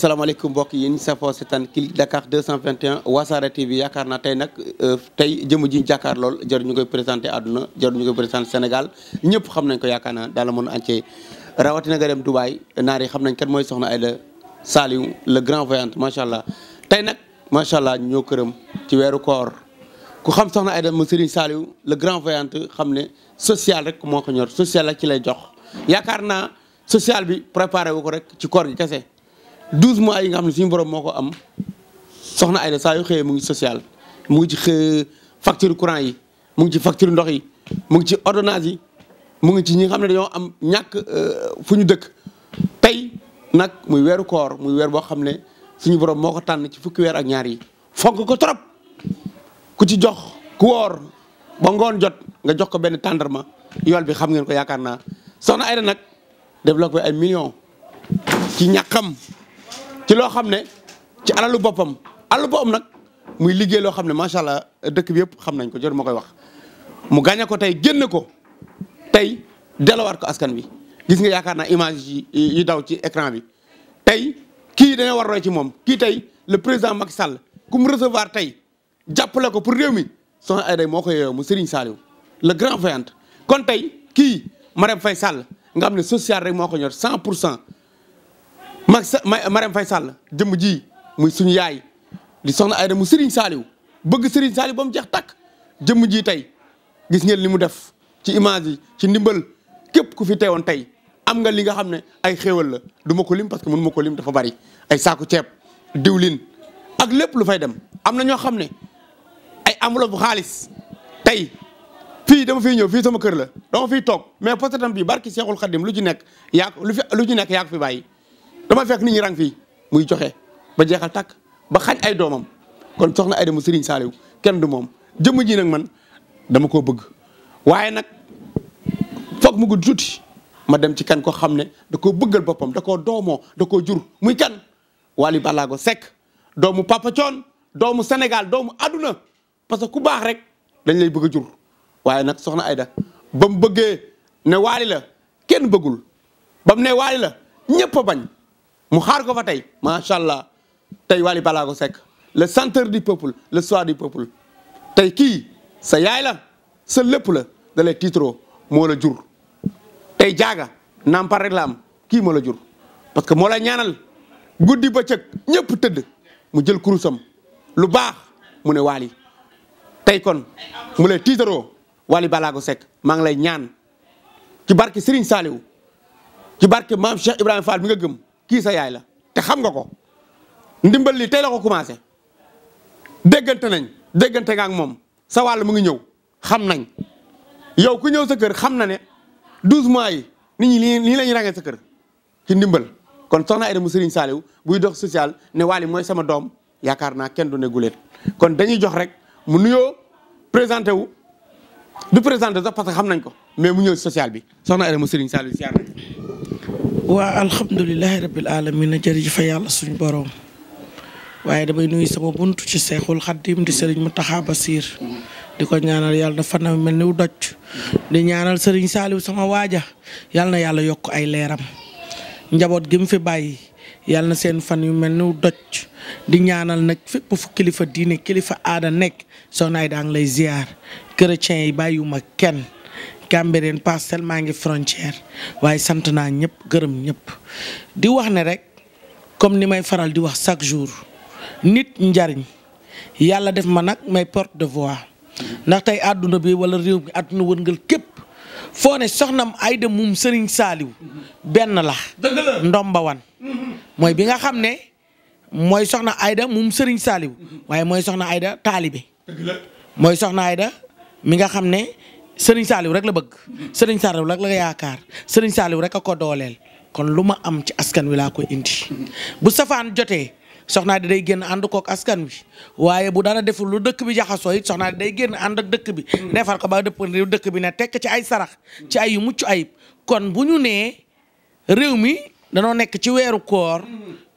salaamaaleykum mbokk yi sa safoo seetaan Click Dakar 221 Wassare TV yaakaar naa tey nag euh, tey jëmm ji jàkkaar lool jar koy présenté àdduna jar ñu koy présenté Sénégal ñëpp xam nañ ko yaakaar naa daal la mën a entier rawatina nga dem Dubaay naar yi xam nañ kenn mooy soxna Aïda Saliou le grand voyant macha allah tey nag macha allah ñoo këram ci weeru koor ku xam soxna Aïda mu Serigne Saliou le grand voyant xam ne social rek moo ko ñor social la ci lay jox yaakaar naa social bi préparé wu rek ci koor gi kese. douze mois yi nga xam ne suñu borom moo ko am soxna Aida saa yu xëyee mu ngi social mu ngi ci facture courant yi mu ngi ci facture ndox yi mu ngi ci ordonnance yi mu ngi ci ñi nga xam ne dañoo am ñàkk euh, fu ñu dëkk tey nag muy weeru koor muy weer boo xam ne suñu borom moo ko tànn ci fukki weer ak ñaar yi fonk ko trop ku ci jox ku woor ba ngoon jot nga jox ko benn tàndarma yool bi xam ngeen ko yaakaar naa soxna Aida nag développé ay millions ci ñàkkam ci loo xam ne ci alalu boppam alalu boppam nag muy liggéey loo xam ne macha allah dëkk bi yëpp xam nañ ko jot moo koy wax mu gàññe ko tey génn ko tey delawaat ko askan wi gis nga yaakaar na image yi yi daw ci écran bi tey kii dañoo war roy ci moom kii tey le président Macky Sall ku recevoir tey jàppale ko pour réew mi soxna Aida moo koy mu Serigne Saliou le grand voyant kon tey kii Marème Faye Sall nga xam ne social rek moo ko ñor cent pour cent mag fay Marème Faye Sall jëmm ji muy suñu yaay di soxna Aida mu Serigne saaliw bëgg Serigne Saliou ba mu jeex takk jëmm ji tey gis ngeen li mu def ci image yi ci ndimbal képp ku fi woon tey am nga li nga xam ne ay xéewal la du ma ko lim parce que mënu ma ko lim dafa bari ay saaku ceeb diwlin ak lépp lu fay dem am na ñoo xam ne ay bu xaalis tey fii dama fiy ñëw fii sama kër la dama fiy toog mais postetam bi barki Seexul Xadim lu ci nekk yaa fi lu dama fekk nit ñi rang fii muy joxe ba jeexal takk ba xañ ay doomam kon soxna Aida mu Serigne Saliou kenn du moom jëmm ji nag man dama koo bëgg waaye nag foog mu gudd tuuti ma dem ci kan ko xam ne da koo bëggal boppam da koo doomoo da koo jur muy kan Wally Ballago sekk doomu Papa doomu Sénégal doomu àdduna parce que ku baax rek dañ lay bëgg a jur waaye nag soxna Aida ba mu bëggee ne Wally la kenn bëggul ba ne Wally la ñëpp a bañ mu xaar ko fa tey macha allah tey Wally Ballago Seck le centre du peuple le soir du peuple tey kii sa yaay la sa lépp la da lay tiitroo moo la jur tey jaaga nampar rek la am kii moo la jur parce que moo la ñaanal guddi bëccëg ñëpp tëdd mu jël kurusam lu baax mu ne Wally tey kon mu lay tiitaroo Wally Ballago sekk maa ngi lay ñaan ci barke Serigne Saliou ci barke maam Cheikh Ibrahima Fall mi nga gëm kii sa yaay la te xam nga ko ndimbal li tey la ko commencé déggante nañ déggante nga ak moom sa wàll mu ngi ñëw xam nañ yow ku ñëw sa kër xam na ne 12 mois yi nit ñu nii nii la ñuy kër ci ndimbal kon soxna Aida mu Serigne Saliou buy dox social ne Wally mooy sama doom yaakaar naa kenn du ne guleet kon dañuy jox rek mu nuyoo présenté wu du présenté sax parce que xam nañ ko mais mu ñëw social bi soxna Aida mu Serigne Saliou waa alhamdulilahi rabil alamina fa yàlla suñu boroom waaye damay nuyu sama bunt ci seexul xaddim di sëriñ Mountakha Bassir di ko ñaanal yàlla na fanam mel niw doj di ñaanal sëriñ sama waaja yàlla na yàlla yokk ay leeram njaboot gi mu fi bàyyi yàlla seen fan yu mel niw doj di ñaanal nag fépp fu kilifa diine kilifa aada nekk soxna ay lay ngi lay ziar chrétiens yi bàyyiwuma kenn Cambérène parcelle maa ngi frontière waaye sant naa ñëpp gërëm ñëpp di wax ne rek comme ni may faral di wax chaque jour nit njariñ yàlla def ma nag may porte de voix ndax tey àdduna bi wala réew mi àdduna wërngal képp foo ne soxnam Aida moom Serigne Saliou benn la ndomba wan mooy bi nga xam ne mooy soxna Aida moom Serigne Saliou mm-hmm. waaye mooy soxna Aida taalibe mooy soxna Aida mi xam ne sëriñ Saliou rek la bëgg sëriñ Saliou rek la yaakaar sëriñ Saliou rek a ko dooleel kon lu ma am ci askan wi laa ko indi bu safaan jotee soxnaa di day génn ànd kook askan wi waaye bu dara deful lu dëkk bi jaxasoo it soxnaa di day génn ànd ak dëkk bi defar ko ba dëpp réew dëkk bi ne tekk ci ay sarax ci ay yu mucc ayib kon bu ñu nee réew mi danoo nekk ci weeru koor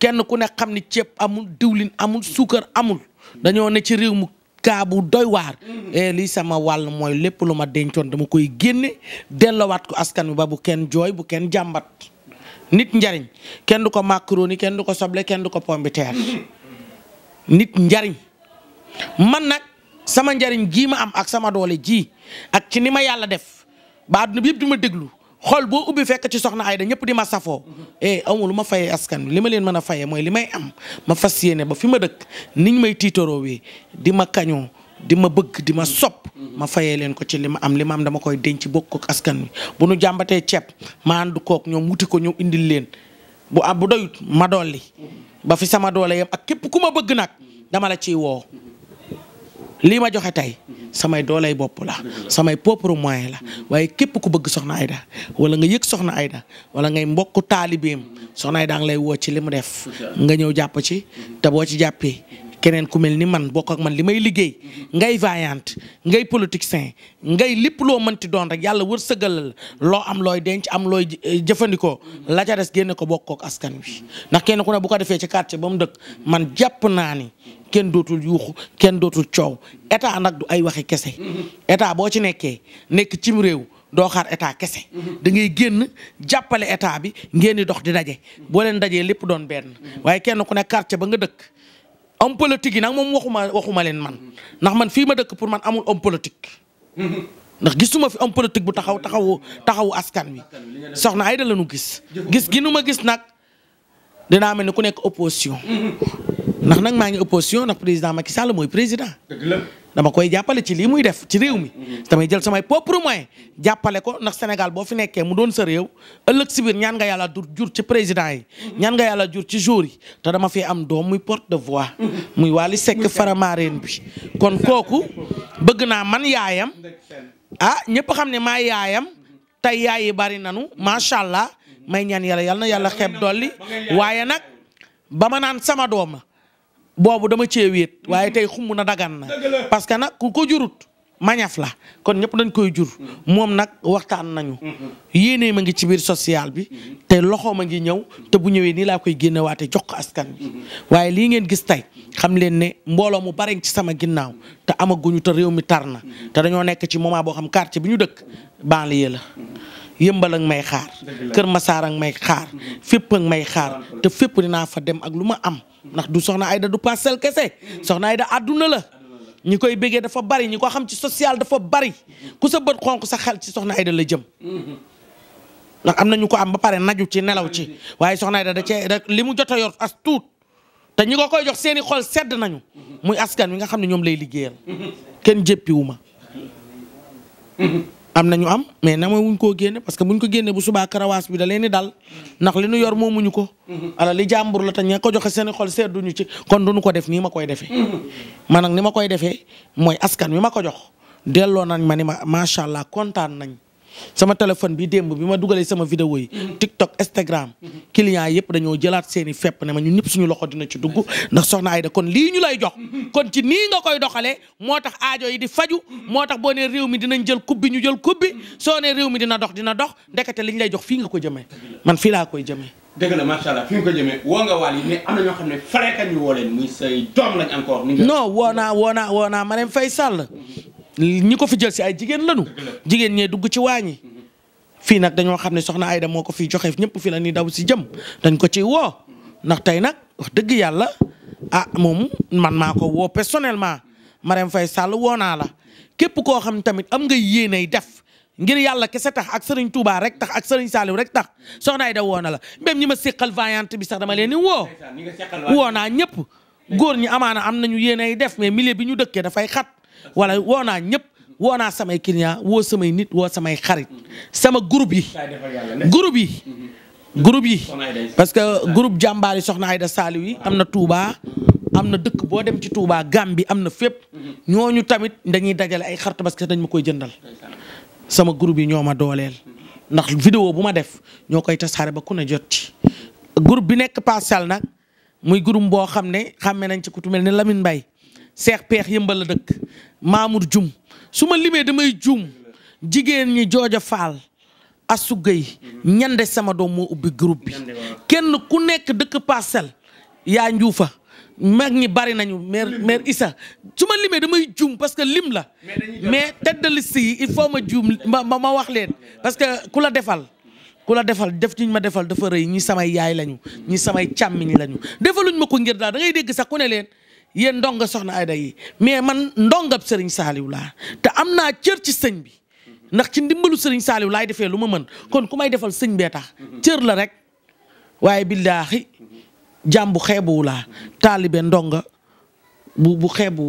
kenn ku ne xam ni ceeb amul diwlin amul suukar amul dañoo ne ci réew mu kaa bu doy waar. e lii sama wàll mooy lépp lu ma dencoon dama koy génne delloowaat ko askan wi ba bu kenn jooy bu kenn jàmbat. nit njariñ kenn du ko macaroni kenn du ko soble kenn du ko pombiteer mm-hmm. nit njariñ man na sama njariñ gii ma am ak sama doole ji ak ci ni ma yàlla def ba àdduna bi yëpp di ma déglu. xool boo ubbi fekk ci soxna da ñëpp di ma safoo eh lu ma faye askan wi li ma leen mën a fayee mooy limay am ma fas yéene ba fi ma dëkk niñ may tiitaroo wi di ma kañoo di ma bëgg di ma sopp ma fayee leen ko ci li ma am li ma am dama koy denc bokkok askan wi bu nu jàmbatee ceeb ma ànd kook ñoom wuti ko ñëw indil leen bu ab ah, bu doyut ma dolli ba fi sama doole yam ak képp ku ma bëgg nag dama la ciy woo lii ma joxe tey samay doolay bopp la samay propre moyen la waaye képp ku bëgg soxna Aida wala nga yëg soxna Aida wala ngay mbokk taali taalibeem soxna Aida ngi lay woo ci li mu def nga ñëw jàpp ci te boo ci jàppee keneen ku mel ni man bokk ak man li may liggéey ngay vaillante ngay politicien ngay lépp loo ti doon rek yàlla wër sëgalal loo am looy denc am looy eh, jëfandikoo la ca des génne ko bokk askan wi ndax kenn ku ne bu ko defee ci quartier ba mu dëkk man jàpp naa ni kenn dootul yuuxu kenn dootul coow état nag du ay waxi kese état boo ci nekkee nekk cim réew doo xaar état kese da ngay génn jàppale état bi ngeen di dox di daje boo leen dajee lépp doon benn waaye kenn dëkk homme politique yi nag moom waxuma waxuma leen man ndax man fii ma dëkk pour man amul homme politique. ndax gisuma fi homme politique bu taxaw taxawu taxawu askan wi soxna Aida la ñu gis. gis gi nu ma gis nag dinaa mel ni ku nekk opposition. ndax nag maa ngi opposition ndax président Macky Sall mooy président. dama koy jàppale ci lii muy def ci réew mi damay jël samay propre moyen jàppale ko ndax Sénégal boo fi nekkee mu doon sa réew ëllëg si biir ñaan nga yàlla dur jur ci président yi ñaan nga yàlla jur ci jour yi te dama fi am doom muy porte de voix muy Wally Seck Faramareen bi kon kooku bëgg naa man yaayam ah ñëpp xam ne maa yaayam tey yaay yi bari nanu macha allah may ñaan yàlla yal na yàlla xeeb dolli waaye nag ba ma naan sama doom la boobu dama cee wéet mm-hmm. waaye tey xumb na dagan na parce que nag ku ko jurut mañaf la kon ñëpp dañ koy jur mm-hmm. moom nag waxtaan nañu mm-hmm. yéenee ma ngi ci biir social bi te loxo a ngi ñëw te bu ñëwee nii laa koy génnewaate jox ko askan bi waaye lii ngeen gis tey xam leen ne mbooloo mu bare ci sama ginnaaw te amaguñu te réew mi tar na te dañoo nekk ci moment boo xam quartier bi ñu dëkk banlieue la yëmbal ak may xaar kër masaar ak may xaar fépp may xaar te fépp dinaa fa dem ak lu ma am ndax du soxna Aida du parcelle kese soxna Aida àdduna la ñi koy bëggee dafa bari ñi ko xam ci social dafa bari ku sa bët xonq sa xel ci soxna Aida la jëm ndax am na ñu ko am ba pare naju ci nelaw ci waaye soxna Aida da cee li mu jot a yor as tuut te ñi ko koy jox seeni xol sedd nañu muy askan wi nga xam ne ñoom lay liggéeyal kenn jéppiwu am na ñu am mais na ma wuñ koo génne parce que buñ ko génne bu subaa karawaas bi da dal ndax li nu yor moomuñu ko. ala li jàmbur la te ña ko joxe seen xol sedduñu ci kon duñu ko def nii ma koy defee. man nag ni ma koy defee mooy askan wi ma ko jox delloo nañ ma ni ma macha allah kontaan nañ. sama téléphone bi démb bi ma dugalee sama vidéo yi. Mhm. TikTok Instagram. Mhm. clients yëpp dañoo jëlaat seen i fepp ne ma ñun ñëpp suñu loxo dina ci dugg mhm. ndax soxna Aida kon lii ñu lay jox. kon ci nii nga koy doxalee moo tax aajo yi di faju moo tax boo nee réew mi dinañ jël coupe bi ñu jël coupe bi soo nee réew mi dina dox dina dox ndekete liñ lay jox fii nga ko jëmee man fii laa koy jëmee. dëgg la macha allah woo nga waal ñoo xam ne falekat ñu woo leen muy say woo naa woo naa woo naa Marème Faye Sall ñi ko fi jël si ay jigéen lañu. jigéen ñee dugg ci waañi mm-hmm. fii nag dañoo xam ne soxna ay Aida moo ko fiy joxe ñëpp fi la ni daw si jëm dañ ko ci woo ndax tey nag wax dëgg yàlla ah moom man maa ko woo personnellement Marème fa Sall woo naa la képp koo xam tamit am nga yéenay def ngir yàlla kese tax ak Serigne Touba rek ak Serigne Saliou rek tax soxna Aida woo na la même ñi ma seqal vaillante bi sax dama leen ni woo. woo naa ñëpp góor ñi amaana am nañu yéenay def mais milieu bi ñu dëkkee dafay xat. wala woo naa ñëpp woo naa samay client woo samay nit woo samay xarit sama groupe yi groupe yi mm-hmm. groupe yi parce que groupe jàmbaari soxna da Saliou yi am na Touba am na dëkk boo dem ci Touba Gàmbi am na fépp mm-hmm. ñooñu tamit dañuy dajale ay parce que dañ ma koy jëndal sama groupe yi ñoo ma dooleel mm-hmm. ndax vidéo bu ma def ñoo koy tasaare ba ku ne jot ci groupe bi nekk Parcelles nag muy groupe boo xam ne xàmme nañ ci ku mel ne Lamine Mbaye seex peex yëmbal la dëkk Mamour Jum su ma limee damay juum jigéen ñi jooja faal asu gay ñande sama doom moo ubbi groupe bi kenn ku nekk dëkk parcelle yaa njuufa mag ñi bari nañu maire maire Issa su ma limee damay juum parce que lim la mais tête de yi il faut ma juum ma ma wax leen parce que ku la defal ku la defal def ñu ma defal da dafa rëy ñi samay yaay lañu ñi samay càmmiñ lañu defaluñ ma ko ngir daal dangay ngay dégg sax ku ne leen yéen ndonga soxna Ayda yi mais man ndongab Serigne Saliou laa te am naa cër ci sëñ bi ndax ci ndimbalu Serigne Saliou laay defee lu ma mën kon ku may defal sëñ bee tax cër la rek waaye billaahi jàmbu xeebuwu laa taalibe ndonga bu bu xeebu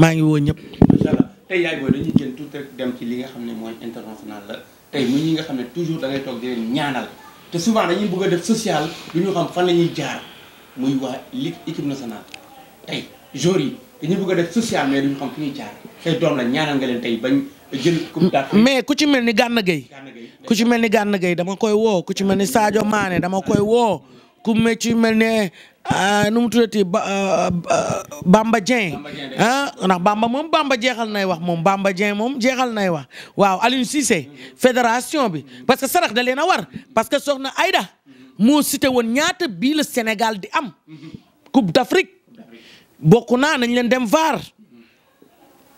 maa ngi woo ñëpp. incha allah tey yaay booy dañuy dem ci li nga xam ne mooy international la tey mu ñi nga xam ne toujours da ngay toog di ñaanal te souvent dañuy bëgg def social du ñu xam fan la ñuy jaar muy waa équipe nationale jour yi dañu bëgg a def social mais duñu xam fi mais ku ci mel ni Gana Gueye ku ci mel ni Gana Gueye dama koy woo ku ci mel ni Sadio maane dama koy woo ku me ci mel ne ah, nu mu tuddati ah, Bamba Dieng ah ndax Bamba moom Bamba jeexal nay wax moom Bamba Dieng moom jeexal nay wax waaw Aliou Cissé fédération bi parce que sarax da leen a war parce que soxna Aïda moo cité woon ñaata bii la Sénégal di am mhm. coupe d'Afrique bokk naa nañ leen dem vaar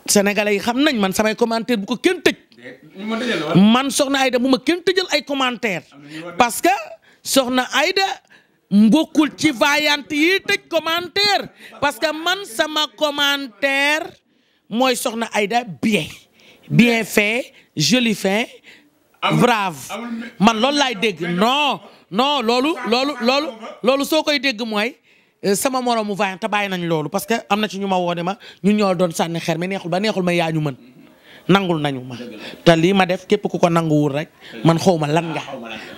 sénégalais yi xam nañ man samay commentaire bu ko kenn tëj man soxna Aida mu ma kenn tëjal ay commentaire parce que soxna Aida mbokkul ci vaillante yi tëj commentaire parce que man sama commentaire mooy soxna Aida bien bien fait joli fait brave man loolu laay dégg non non loolu loolu loolu soo koy dégg mooy Euh, sama moromu vaillant te bàyyi nañ loolu parce que am na ci ñu ma woone ma ñun ñoo doon sànni xeer mais neexul ba neexul ma yaa ñu mën nangul nañu ma te lii ma def képp ku ko nanguwul rek man xaw ma lan nga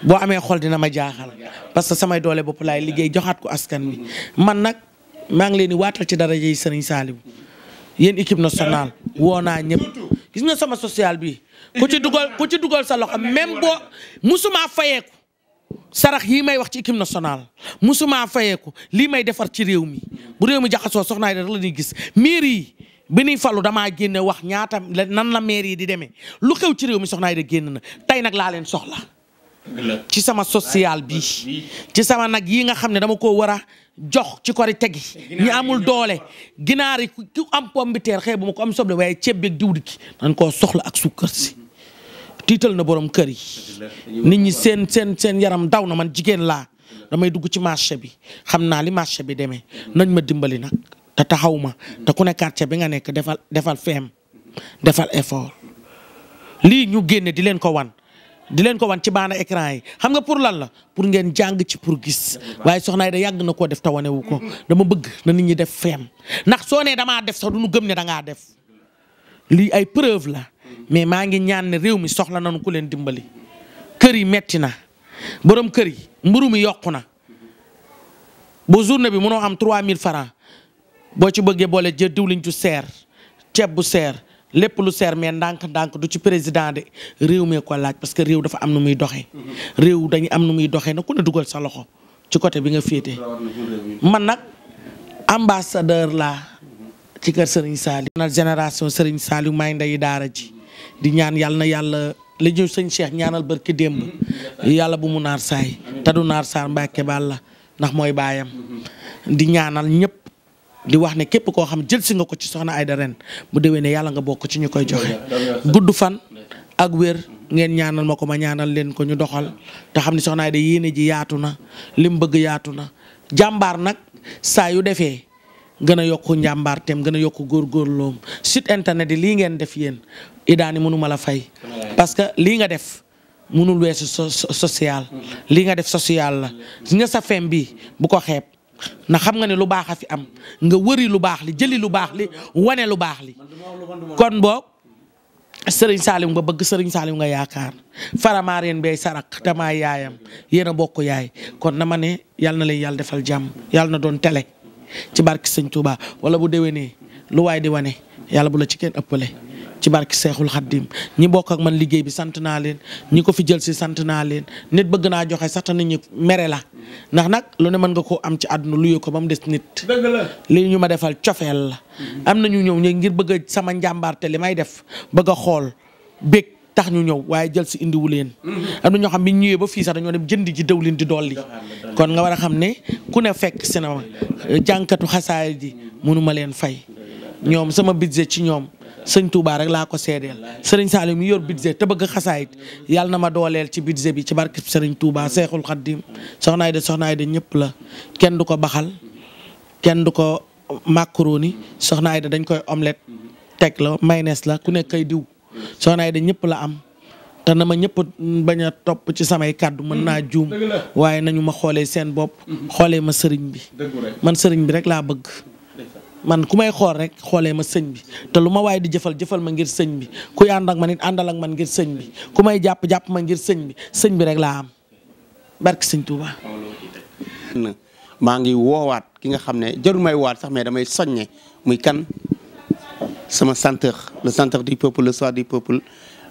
boo amee xol dina ma jaaxal parce que samay doole bopp laay liggéey joxaat ko askan wi man nag maa ngi leen di waatal ci daraja yi Serigne Saliou yéen équipe nationale woo naa ñëpp gis nga sama sociale bi ku ci dugal ku ci dugal sa loxo même boo musuma fayeeku sarax yii may wax ci national nationale musuma fayeeku lii may defar ci réew mi bu réew mi jaxasoo soxna yi rek la ñuy gis miir yi bi ñuy falu damaa génne wax ñaata nan la maire yi di demee lu xew ci réew mi soxna yi da génn na tey nag laa leen soxla ci sama social bi ci sama nag yii nga xam ne dama ko war a jox ci korite gi ñi amul doole ginaar yi ku am pomme de terre bu ma ko am soble waaye ceeb beeg diwdi ki koo soxla ak suukar tiital na borom kër yi nit ñi seen seen seen yaram daw na man jigéen laa damay dugg ci marché bi xam naa li marché bi demee nañ ma dimbali nag te taxaw ma te ku ne quartier bi nga nekk defal defal feem defal effort lii ñu génne di leen ko wan di leen ko wan ci baana écran yi xam nga pour lan la pour ngeen jàng ci pour gis waaye soxna yi da yàgg na koo def tawane wu ko dama bëgg na nit def feem ndax soo nee damaa def sax du ñu gëm ne da def lii ay preuve la mais maa ngi ñaan ne réew mi soxla nañu ku leen dimbali kër yi metti na borom kër yi mburu mi yokku na ba journée bi mënoo am mille francs boo ci bëggee boole jë diwliñ ju seer ceeb bu seer lépp lu seer mais ndànk-ndànk du ci président de réew mee ko laaj parce que réew dafa am nu muy doxee. réew dañu am nu muy doxee na ku ne dugal sa loxo ci côté bi nga féete. man nag ambassadeur laa ci kër Serigne Saliou. génération Serigne Saliou may a daara ji. di ñaan yàlla na yàlla li ñu sëñ Cheikh ñaanal barki démb yàlla bu mu naar saay te naar saar Mbàkke baal la ndax mooy baayam di ñaanal ñëpp di wax ne képp koo xam jël si nga ko ci soxna Aida ren bu déwee ne yàlla nga bokk ci ñu koy joxe gudd fan ak wér ngeen ñaanal ma ko ma ñaanal leen ko ñu doxal te xam ne soxna Aida yéene ji yaatu na lim bëgg yaatu na jàmbaar nag saa yu defee gën a yokk njàmbaarteem gën a yokk góorgóorloom site internet yi lii ngeen def yéen idaani mënuma la fay parce que lii nga def mënul weesu social lii nga def social la nga sa fem bi bu ko xeeb na xam nga ne lu baax a fi am nga wëri lu baax li jëli lu baax li wane lu baax li kon boog sëriñ Salim nga bëgg sëriñ Salim nga yaakaar faramaareen bay sarak damaa yaayam yéen a bokk yaay kon na ma ne yàlla na lay yàlla defal jàmm yàlla na doon tele ci barke sëñ Touba wala bu déwénee lu waay di wane yàlla bu la ci kenn ëppale ci barke Seexul Xaddim ñi bokk ak man liggéey bi sant naa leen ñi ko fi jël si sant naa leen nit bëgg naa joxe sax te nit ñi mere la ndax nag lu ne mën nga koo am ci àdduna lu ko ba mu des nit. li ñu ma defal cofeel la. am na ñu ñëw ngir bëgg sama njàmbaarte li may def bëgg xool bég tax ñu ñëw waaye jël si indiwu leen. Mm-hmm. am na ñoo xam bi ñu ba fii sax dañoo dem jënd ji dawlin di dolli. kon nga war a xam ne ku ne fekk cinéma jànkatu xasaay ji mënuma leen fay ñoom sama budget ci ñoom. sëñ Touba rek laa ko seedeel sëriñ Saliou mi yor budget te bëgg xasaayit yàlla na ma dooleel ci budget bi ci barke sëriñ Touba Seexul Xaddim soxnaay de soxnaay de ñëpp la kenn du ko baxal kenn du ko macaroni soxnaay de dañ koy omelette teg la mayonnaise la ku nekk kay soxna Aida ñëpp la am te na ma ñëpp bañ a topp ci samay kàddu mën naa mm. juum waaye nañu ma xoolee seen bopp mm-hmm. xoolee ma sëriñ bi man sëriñ bi rek laa bëgg man ku may xool rek xoolee ma sëñ bi te lu ma waaye di jëfal jëfal ma ngir sëñ bi kuy ànd ak man àndal ak man ngir sëñ bi ku may jàpp jàpp ma ngir sëñ bi sëñ bi rek laa am barki sëñ Touba. maa ngi woowaat ki nga xam ne jarul may waat sax mais damay soññe muy kan sama centeur le centre du peuple le soir du peuple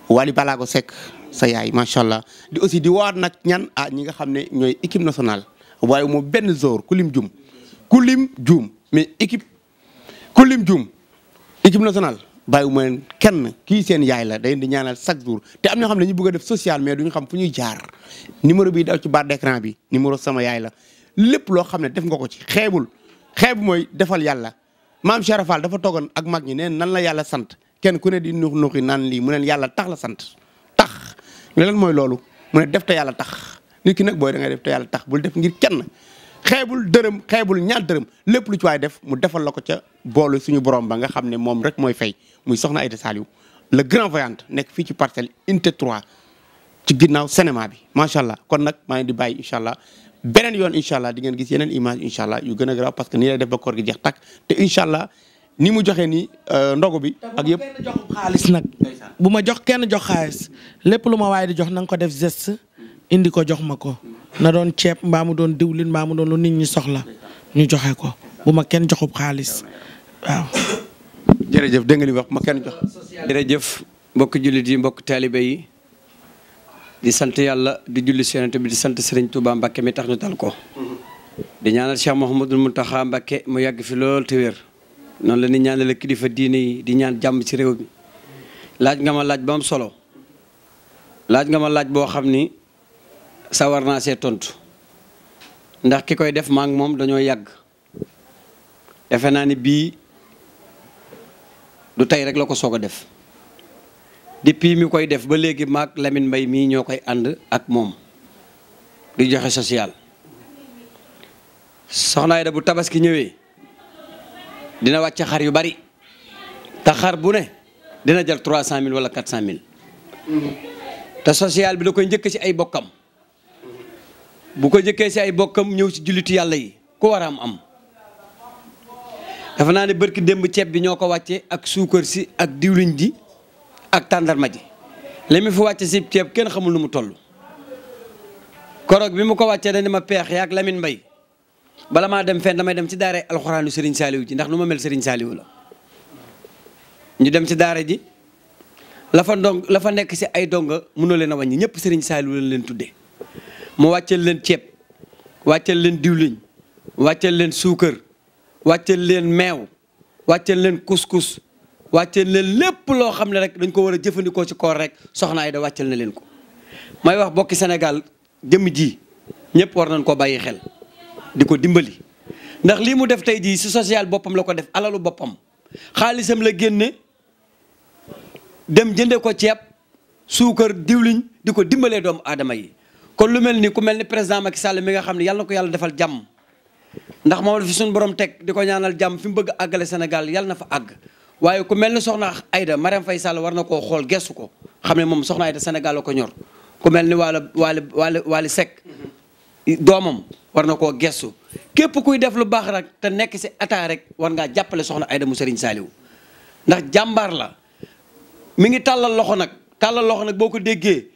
Wally Balago Seck sa yaay macha allah di aussi di woowaat nag ñan ah ñi nga xam ne ñooy équipe nationale waaye moom benn jour ku jum juum ku juum mais équipe ku lim juum équipe nationale baay wu ma leen kenn kii seen yaay la day di ñaanal chaque jour te am ñoo xam ne ñu bëgg a def social mais duñu xam fu ñuy jaar numéro bii daw ci barre d'écran bi numéro sama yaay la lépp loo xam ne def nga ko ci xeebul xeeb mooy defal yàlla. maam Cheikh Fall dafa toogoon ak mag ñi neen nan la yàlla sant kenn ku ne di nuux nuuxi naan lii mu neen yàlla tax la sant tax lan mooy loolu mu ne def te yàlla tax nit ki nag booy da def te yàlla tax bul def ngir kenn xeebul dërëm xeebul ñaar dërëm lépp lu ci waay def mu defal la ko ca boolu suñu borom ba nga xam ne moom rek mooy fay muy soxna Aïda Saliou la grand voyant nekk fii ci parcelle unité 3 ci ginnaaw cinéma bi macha allah kon nag maa di bàyyi incha allah beneen yoon incha allah di ngeen gis yeneen image incha allah yu gën a garaaw parce que nii lay def ba koor gi jeex tàkk te incha allah ni mu joxe ni euh, ndogu bi ak yëpp xaalis nag bu ma jox kenn jox xaalis lépp lu ma waaye di jox na ko def geste indi ko jox ma ko na doon ceeb mbaa mu doon diwlin mbaa mu doon lu nit ñi soxla ñu joxe ko bu ma kenn joxub xaalis waaw jërëjëf dégg ma kenn jox jërëjëf mbokk jullit yi mbokk taalibe yi di sant yàlla di julli si yonent bi di sant Serigne Touba Mbacke mi tax ñu dal ko. di ñaanal Cheikh Mouhamadul taxa Mbacke mu yàgg fi lool te wér. noonu la ni ñaanale kilifa diine yi di ñaan jàmm ci réew mi laaj nga ma laaj ba solo laaj nga ma laaj boo xam ni sawar naa see tontu ndax ki koy def maa moom dañoo yàgg. defe naa ni bii du tey rek la ko soog a def. depuis mi koy def ba léegi maag Lamine Mbaye mii ñoo koy ànd ak moom di joxe social soxna Aida bu tabaski ñëwee dina wàcc xar yu bari te xar bu ne dina jël trois cent mille wala quatre cent mille te social bi da koy njëkk ci ay bokkam bu ko njëkkee ci ay bokkam ñëw ci jullitu yàlla yi ku war a am am dafa naa ne bërki démb ceeb bi ñoo ko wàcce ak suukar si ak diwliñ ji ak tàndarma ji li mu fi wàcce si ceeb kenn xamul nu mu toll koroog bi mu ko wàccee dañ ma peex ak Lamine mbay bala maa dem fenn damay dem ci daara alxuraanu Serigne Saliou ji ndax nu ma mel Serigne Saliou la ñu dem ci daara ji la fa ndong la nekk si ay donga mënoo leen a wàññi ñëpp Serigne Saliou lañ leen tuddee mu wàcceel leen ceeb wàcceel leen diwliñ wàcceel leen suukar wàcceel leen meew wàcceel leen couscous wàcceel leen lépp loo xam ne rek dañ ko war a jëfandikoo ci koor rek soxna Aida wàcceel na leen ko may wax bokki Sénégal jëmm ji ñépp war nañ ko bàyyi xel di ko dimbali ndax lii mu def tey jii si social boppam la ko def alalu boppam xaalisam la génne dem jënde ko ceeb suukar diwliñ di ko dimbalee doomu adama yi kon lu mel ni ku mel ni président Macky Sall mi nga xam ne yàlla na ko yàlla defal jàmm ndax moom la fi suñu borom teg di ko ñaanal jàmm fi mu bëgg àggale Sénégal yàlla na fa àgg waaye ku mel ni soxna Aida Marème fay Sall war na koo xool gestu ko xam ne moom soxna Aida Sénégal la ko ñor ku mel ni waalo Wally Wally Wally sekk doomam war na koo gestu képp kuy def lu baax rek te nekk si attan rek war ngaa jàppale soxna Aida mu Serigne Saliou ndax jàmbaar la mi ngi tàllal loxo nag tàllal loxo nag boo ko déggee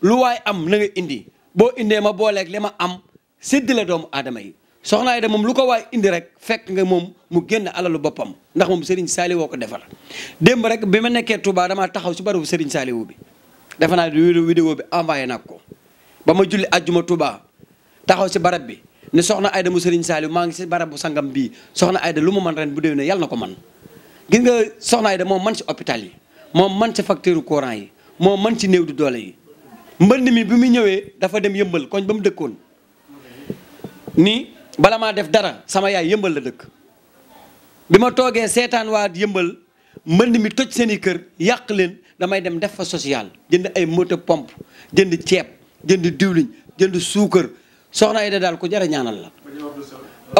lu waaye am na nga indi boo indee ma booleeg li ma am la doomu aadama yi soxna Aida moom lu ko waay indi rek fekk nga moom mu génn alalu boppam ndax Serigne Saliou woo ko defar démb rek bi ma nekkee Touba damaa taxaw si barabu Serigne Saliou bi defe naa vidéo bi envoyé nag ko ba ma julli àjjuma Touba taxaw si barab bi ne soxna Aida Serigne Saliou maa ngi si barabu sangam bii soxna Aida lu mu man ren bu deew na yàlla na ko man gis nga soxna Aida moom man si hôpital yi moom man si facture courant yi moom man si néew di doole yi mbënn mi bi mu ñëwee dafa dem yëmbal koñ ba mu dëkkoon ni bala maa def dara sama yaay yëmbal la dëkk bi ma toogee seetaan waa yëmbal mbënd mi toj seen i kër yàq leen damay dem def fa social jënd ay moto pompe jënd ceeb jënd diwliñ jënd suukar soxna Aida daal ku jar a ñaanal la.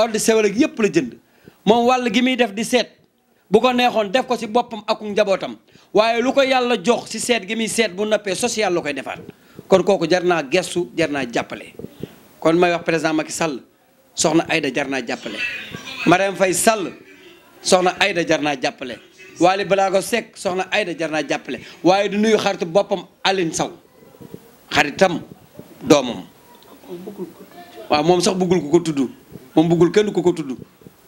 ordre yëpp la jënd moom wàll gi muy def di seet bu ko neexoon def ko si boppam ak njabootam waaye lu ko yàlla jox si seet gi muy seet bu noppee social la koy defaat kon kooku jar naa gestu jar naa jàppale kon may wax président Sall. soxna Aida jar naa jàppale Marème fay Sall soxna Aida jar naa jàppale Waly Balago Seck soxna Aida jar naa jàppale waaye du nuyu xaritu boppam alin Sow xaritam doomam waaw moom sax bëggul ku ko tudd moom bëggul kenn ku ko tudd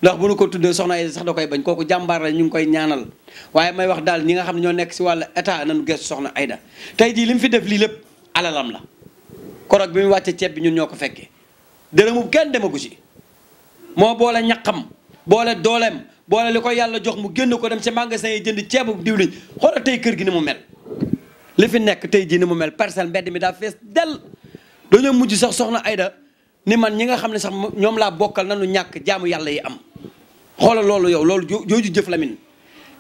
ndax bu nu ko tuddee soxna Aida sax da koy bañ kooku jàmbaar la ñu ngi koy ñaanal waaye may wax daal ñi nga xam ne ñoo nekk si wàllu état nañu gëstu soxna ayda tey jii li mu fi def lii lépp alalam la korog bi mu wàccee ceeb bi ñun ñoo ko fekkee dërëmu kenn demagu ci moo boole ñaqam boole dooleem boole li ko yàlla jox mu génn ko dem ci magasin yi jënd ceebu diwlin xoolal tey kër gi ni mu mel. li fi nekk tey jii ni mu mel parcelle mbedd mi daa fees dell dañoo mujj sax soxna Aida ni man ñi nga xam ne sax ñoom laa bokkal nanu ñàkk jaamu yàlla yi am. xoola loolu yow loolu jooju jëf la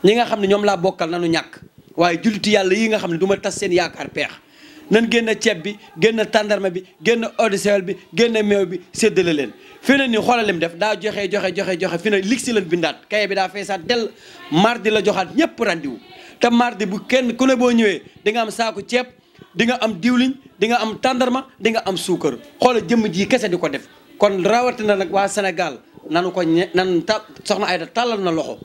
ñi nga xam ne ñoom laa bokkal nanu ñàkk waaye julliti yàlla yi nga xam ne duma tas seen yaakaar peex. nan génna ceeb bi génn tàndarma bi génn eau bi génn meew bi séddale leen fi ne nii xoolal lim def daa joxe joxe joxe joxe fi ne lig si leen bindaat kaye bi daa feesaat dell mardi la joxaat ñëpp randiwu te mardi bu kenn ku ne boo ñëwee di nga am saaku ceeb di nga am diwliñ dinga am tàndarma di nga am suukar xoola jëmm ji kese di ko def kon rawatina nag waa Sénégal nanu ko nan ta soxna Aida tàllal na loxo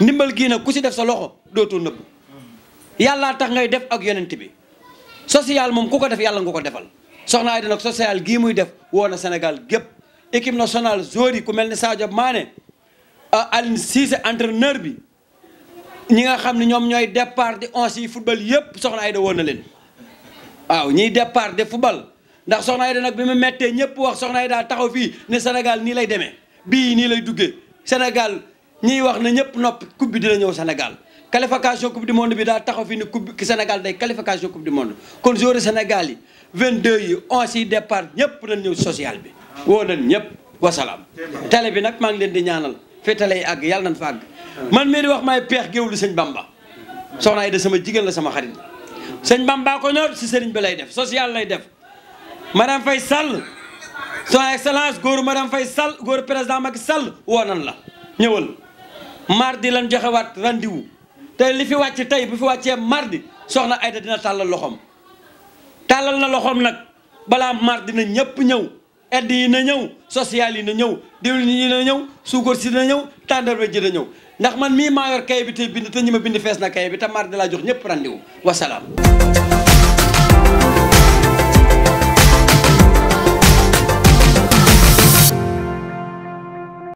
ndimbal gii nag ku si def sa loxo dootoo nëbb yàllaa tax ngay def ak yonent bi social moom ku ko def yàlla nga ko defal soxna Aida nag social gii muy def woo Sénégal gépp équipe nationale joueurs yi ku mel ne Sadio Mané ah, Aliou Cissé entraîneur bi ñi nga xam ne ñoom ñooy départ di onze yi football yëpp soxna Aida woo na leen waaw ñiy départ de football ndax soxna Aida nag bi mu méttee ñëpp wax soxna Aida taxaw fii ne Sénégal nii lay demee bii nii lay duggee Sénégal ñiy wax ne ñëpp nopp coupe bi dina ñëw Sénégal qualification coupe du monde bi daal taxaw fi ni coupe ki Sénégal day qualification coupe du monde kon joueur Sénégal yi 22 yi 11 yi départ ñëpp nañ ñëw social bi woo nañ ñëpp wasalaam. télé bi nag maa ngi leen di ñaanal fi télé yi àgg yàlla nañ fa àgg man mii di wax maay peex géewlu sëñ Bamba soxna de sama jigéen la sama xarit sëñ Bamba ko ñor si sëriñ bi lay def social lay def madame fay Sall son excellence góor madame fay Sall góoru président Macky Sall woo nan la ñëwal mardi lan joxewaat rendez-vous te li fi wàcc tey bi fi wàccee mardi soxna Aida dina tàllal loxoom tàllal na loxoom nag balaa mardi na ñëpp ñëw aide yi na ñëw social yi na ñëw diwlin yi na ñëw suukar si na ñëw tàndarma ji na ñëw ndax man mii maa yor kay bi tey bind te ñi ma bind fees na kay bi te mardi laa jox ñëpp rendez-vous wasalaam